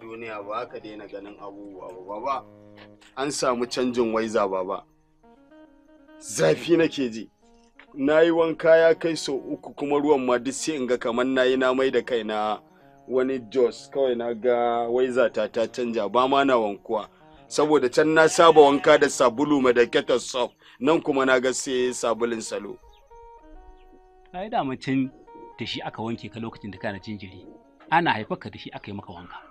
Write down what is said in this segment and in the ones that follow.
duniya ba ka daina ganin abubuwa ba ba an samu canjin waiza ba. zafi nake ji na yi wanka ya kai sau uku kuma ruwan ma duk sai in ga kamar na yi na mai da kai na wani jos kawai na ga waiza ta ta canja ba ma na wankuwa saboda can na saba wanka da sabulu da madakatar soft nan kuma na ga sai sabulin salo ai da mutum da shi aka wanke ka lokacin da kana jinjiri ana haifar ka da shi aka yi maka wanka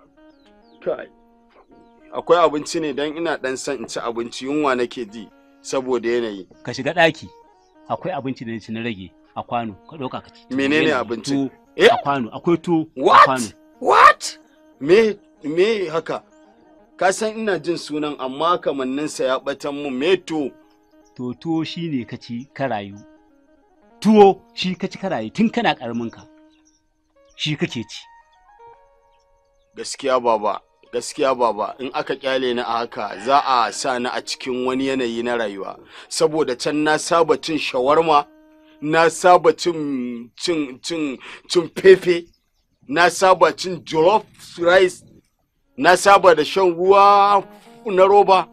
akwai abinci ne don ina dan son in ci abinci yunwa nake ji saboda yanayi ka shiga ɗaki akwai abinci da ci na rage a kwano ka ɗauka ka ci menene abinci eh? a kwano akwai to a kwano what me me haka ka san ina jin sunan amma kamanninsa ya batan mu me to to to shine ka ci ka rayu tuwo shi ka ci rayu tun kana karamin ka shi kake ci gaskiya baba gaskiya baba in aka kyale ni a haka za a sa ni a cikin wani yanayi na rayuwa saboda can na saba cin shawarma na saba cin cin cin cin fefe na saba cin jollof rice na saba da shan ruwa na roba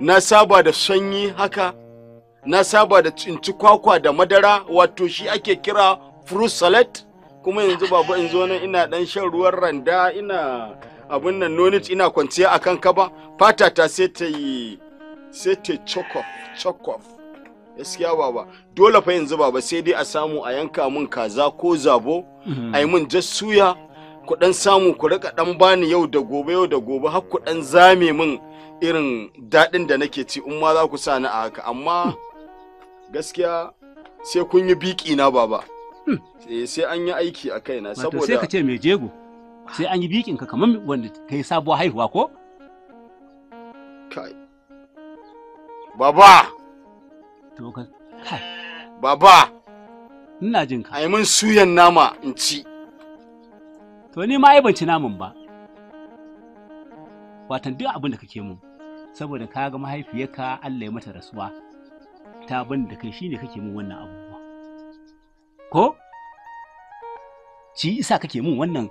na saba da sanyi haka na saba da cinci kwakwa da madara wato shi ake kira fruit salad kuma yanzu baba in zo nan ina dan shan ruwan randa ina abun nan nonit ina kwanciya akan kaba fata ta sai ta yi sai ta chokof gaskiya baba dole fa yanzu baba sai dai a samu a yanka min kaza ko zabo a yi min suya ku dan samu ku rika dan bani yau da gobe yau da gobe har ku dan zame min irin daɗin da nake ci in ma za ku sa ni a haka amma gaskiya sai kun yi biki na baba hmm. eh, sai an yi aiki a kaina saboda sai ka ce me jego sai an yi bikin ka kamar wanda ka yi sabuwa haihuwa ko? Kai. Baba! To ka kai. Baba! Ina jin ka. Ai suyan nama in ci. To ni ma ai ban ci naman ba. Watan duk abin da kake mun. Saboda ka ga mahaifiyarka Allah ya mata rasuwa. Ta ban da kai shine kake mun wannan abubuwa. Ko? Shi isa kake mun wannan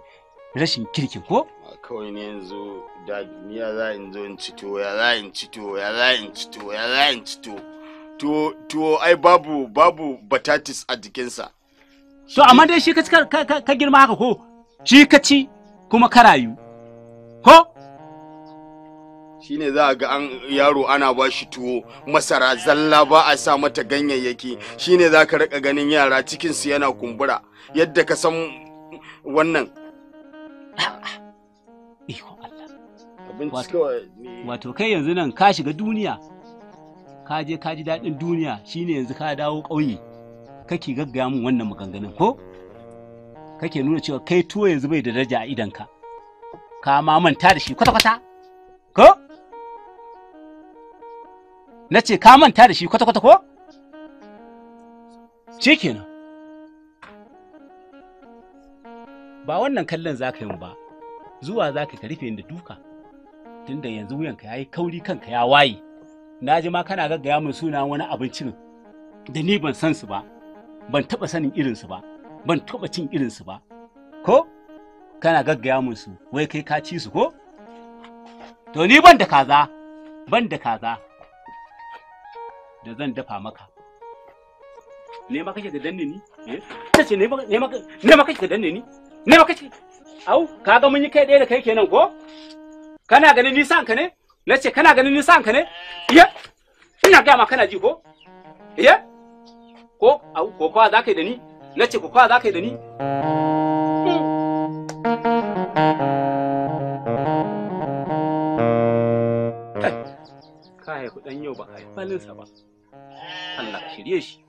rashin kirkin ko ah, kawai ne yanzu da ya za in zo in ci tuwo ya za in ci tuwo ya za in ci tuwo ya za in ci tuwo tuwo ai babu babu batatis a jikinsa so amma dai shi ka girma haka ko shi ka ci kuma ka rayu ko shine za a ga an yaro ana ba shi tuwo masara zalla ba a sa mata ganyayyaki shine za ka raka ganin yara cikinsu yana kumbura yadda ka san wannan Iko Allah. Wato kai yanzu nan ka shiga duniya, ka je ka ji daɗin duniya shi ne yanzu ka dawo ƙauye, kake gaggaya min wannan maganganun ko? Kake nuna cewa kai tuwo yanzu bai da daraja a idanka, ka ma manta da shi kwata-kwata, ko? Na ce ka manta da shi kwata-kwata ko? Shi kenan. ba wannan kallon za ka yi ba zuwa za ka rufe da duka tunda yanzu wuyanka ya yi kauri kanka ya waye na ji ma kana gaggaya mun suna wani abincin da ni ban san su ba ban taɓa sanin irinsu ba ban taɓa cin irinsu ba ko kana gaggaya mun su wai kai ka ci su ko to ni ban da kaza ban da kaza da zan dafa maka ne ma kake da danne ni eh tace ne ma ne ma kake da danne ni ne ba kace au ka ga mun yi kai ɗaya da kai kenan ko kana ganin nisan ka ne na ce kana ganin nisan ka ne iya ina ga ma kana ji ko iya ko au ko kwa za ka da ni na ce ko kwa za ka da ni hmm. Kai kaya kuɗin yau ba kai yi falinsa ba Allah shirye shi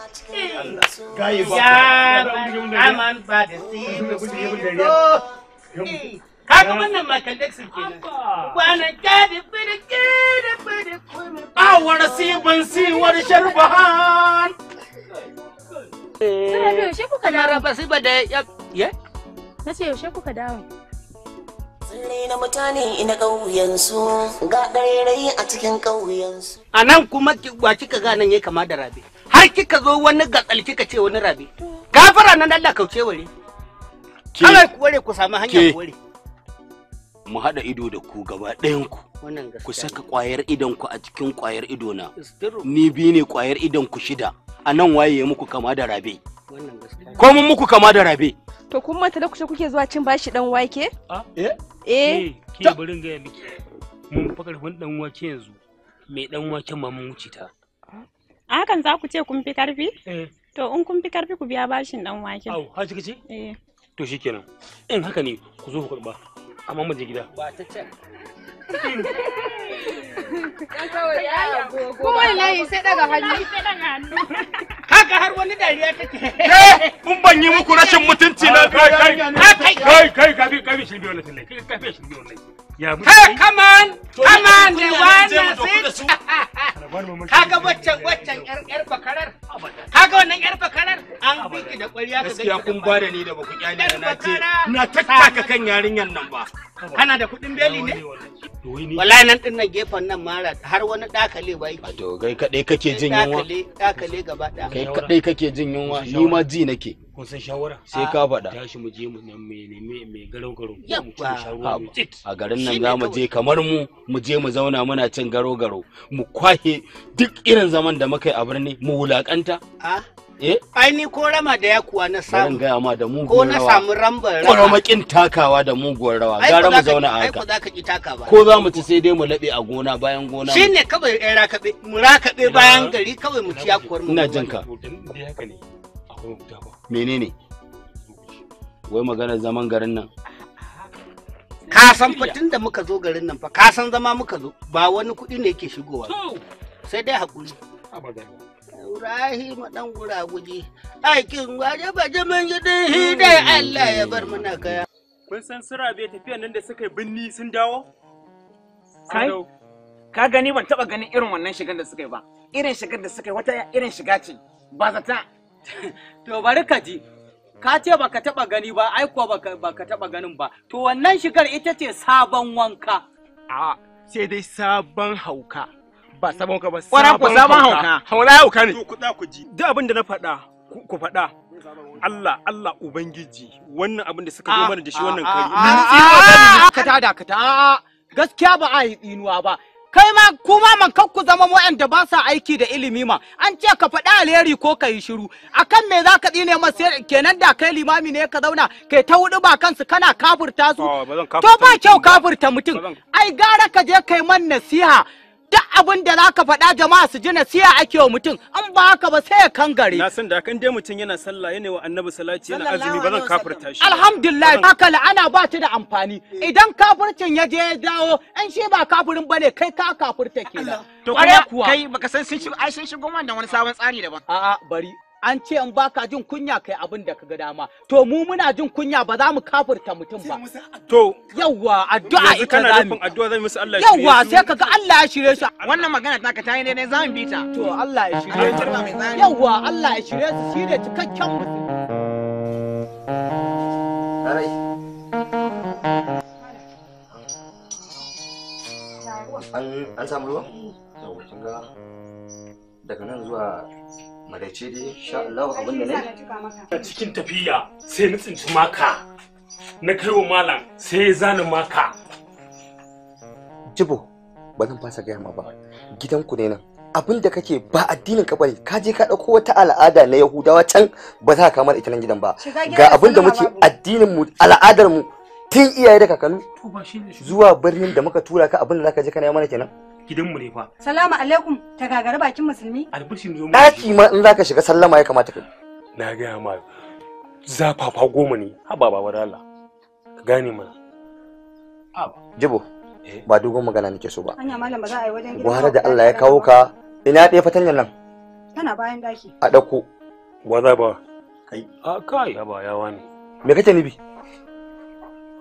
ya aman ba da siro wannan Michael Jackson kwana kuma awar siban siwar sharbahan yaushe kuka dawo? ga a nan kuma wa kika ya kama da Rabi? har kika zo wani gatsal kika ce wani rabe gafara nan Allah kauce ware Allah ku ware ku samu hanyar ware mu hada ido da ku gaba ɗayan ku ku saka ƙwayar idon ku a cikin ƙwayar ido na ni bi ne ƙwayar idon ku shida a nan waye muku kama da rabe ko mun muku kama da rabe to kun mata da kusa kuke zuwa cin bashi dan wake eh eh ke barin ga miki mun fakar dan wake yanzu mai dan wake ma mun wuce ta a hakan za ku ce kun fi karfi eh. to in kun fi karfi ku biya bashin dan wake au har kika ce eh to shikenan in haka ne ku zo ku karba amma mu je gida ba ta ce Kowai layi har wani dariya take. mun ban yi muku rashin mutunci na kai kai kai kai kai kai kai shi biyo kai kai shi biyo come on come on they want kaga waccan waccan yar yar bakarar kaga wannan yar bakarar an biki da kwariya ka gaskiya kun ba da ni da baku kyale na ce na tattaka kan yarinyan nan ba kana da kudin beli ne wallahi nan din nan gefen nan mara har wani dakale bai to kai kadai kake jin yunwa dakale dakale gaba daya kai kadai kake jin yunwa ni ma ji nake kun san shawara sai ka faɗa tashi mu je mu nemi mai garau garau a garin nan za mu je kamar mu mu je mu zauna muna cin garau garau mu kwahe duk irin zaman da muka yi a birni mu wulakanta Eh? Ai ni ko rama da yakuwa na samu. gaya ma da Ko na samu rambar rawa. Kwaramakin takawa da muguwar rawa. Gara mu zauna a haka. Ai ko za ka ki taka ba. Ko za mu ci sai dai mu labe a gona bayan gona. shine kawai ɗan rakaɓe. Mu rakaɓe bayan gari kawai mu ci yakuwar mu. Ina jin ka. menene wai maganar zaman garin nan ka san fatin da muka zo garin nan fa ka san zama muka zo ba wani kuɗi ne yake shigowa sai dai hakuri rahima dan guraguji aikin waje ba jaman gidan hidai Allah ya bar mana kaya kun san sura bai tafiya nan da suka yi binni sun dawo kai ka gani ban taba ganin irin wannan shigar da suka yi ba irin shigar da suka yi wata irin shiga ce ba zata to bari ka ji ka ce baka taba gani ba ai kuwa baka baka taba ganin ba to wannan shigar ita ce sabon wanka a sai dai sabon hauka ba sabon hauka ba sabon hauka hauna hauka ne to ku ku ji duk abin da na faɗa ku faɗa Allah Allah ubangiji wannan abin da suka zo ah, mana da shi wannan kari ka tada ka ta gaskiya ba a yi tsinuwa ba kai ma kuma man kanku zama waɗanda ba sa aiki da ilimi ma an ce ka faɗi alheri ko ka yi shiru akan me za ka tsine ma sai kenan da kai limami ne ka zauna kai ta hudu ba kansu kana kafurta su to ba kyau kafurta mutum ai gara ka je kai man nasiha duk abin da za ka faɗa jama'a su ji nasiha ake wa mutum an ba haka ba sai ya kangare na san da kan dai mutum yana sallah yana wa annabi salati yana azumi ba zan kafirta shi alhamdulillah haka la'ana ba ta da amfani idan kafircin ya je ya dawo an shi ba kafirin bane kai ka kafirta kenan to kai baka san sun shigo ai sun shigo da wani sabon tsari daban a'a bari an ce in baka jin kunya kai abin da kaga dama to mu muna jin kunya ba za mu kafirta mutum ba to yawa addu'a ita za mu addu'a zai musu Allah yawa sai kaga Allah ya shirye su wannan magana ta ka tayi ne za mu bi ta to Allah ya shirye su yawa Allah ya shirye su shine cikakken mutum an samu ruwa? daga nan zuwa Madace dai insha Allah abin da nayi. A cikin tafiya sai na tsinci maka na kai wa malam sai ya zani maka. Jibo ba zan fasa gaya ma ba gidanku ne nan abin da kake ba addinin ka bane ka je ka ɗauko wata al'ada na Yahudawa can ba za ka kamar ita nan gidan ba ga abin da muke addininmu al'adarmu tun iyaye da kakanni zuwa birnin da muka tura ka abin da za ka je kana yi mana kenan gidanmu ne fa salamu alaikum ta gagari bakin musulmi ne zo daki ma in zaka shiga sallama ya kamata ka. na gaya ma zafafa goma ne haba ba da Allah ka gane mana jibo eh? ba dogon magana nake so ba anya malam ba za a yi wajen gidan. gwara da Allah ya kawo ka ina ɗaya fatanyar nan tana bayan daki a ɗauko wa za ba kai a kai haba yawa ne me kake nibi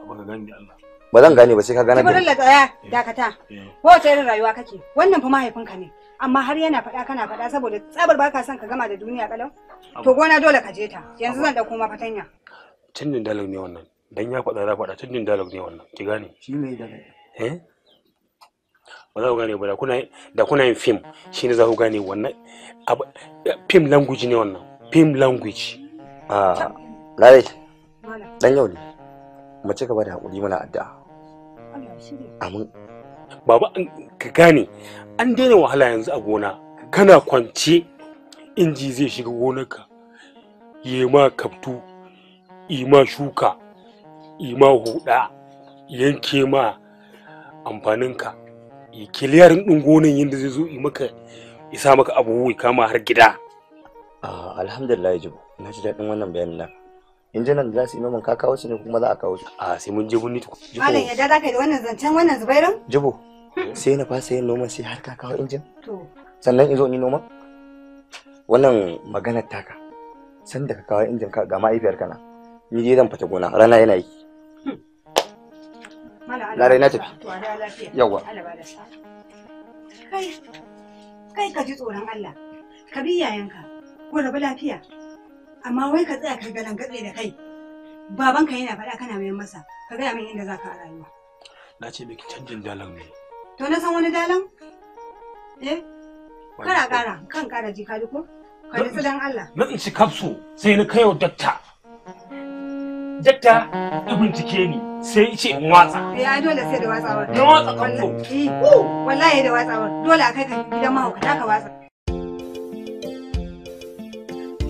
ba ka gani Allah ba zan gane ba sai ka gane da Jibril tsaya dakata eh. ko ta irin rayuwa kake wannan fa mahaifinka ne amma har yana faɗa kana faɗa saboda tsabar baka son ka gama da duniya kalau to gona dole ka je ta yanzu zan dauko ma fatanya tunnin dalog ne wannan dan ya faɗa za faɗa tunnin dalog ne wannan ki gane shi ne dalog eh ba za ku gane ba da kuna da kuna yin film shine za ku gane wannan film language ne wannan film language ah lalai dan yau ne mace ka ba da hakuri mana addu'a Amin. Baba ka gane an daina wahala yanzu a gona kana kwance inji zai shiga gonarka Yi ma kaftu ma shuka ma huda yanke ma amfaninka ya kiliyarin ɗin gonan yadda zai zo maka isa maka abubuwa kama har gida. Ah, alhamdulillah na ji daɗin wannan bayanin naka. injinan da za su yi noman ka kawo su ne kuma za a kawo su a sai mun je mun ni malam yadda za ka yi wannan zancen wannan Zubairun? jibo hmm. sai na fasa yin noman sai har ka kawo injin sannan in zo ni noman wannan maganar taka san da ka kawo injin ka ga ma'aifiyar kana ni dai zan fita gona rana yana yi hmm. larai na tafi yawa kai kai ka ji tsoron Allah ka bi yayanka ko rabu lafiya amma wai ka tsaya kai galan gatse da kai baban ka yana faɗa kana mai masa ka gaya min inda zaka a rayuwa na ce miki canjin dalan ne to na san wani dalan eh kara kara kan kara ji kaji ko ka ji dan Allah na ci kafso sai na kaiwa dakta dakta ya bincike ni sai ya ce in watsa eh ai dole sai da watsawa na watsa kafso eh, wallahi da watsawa dole a kai ka gidan mahaukata ka watsa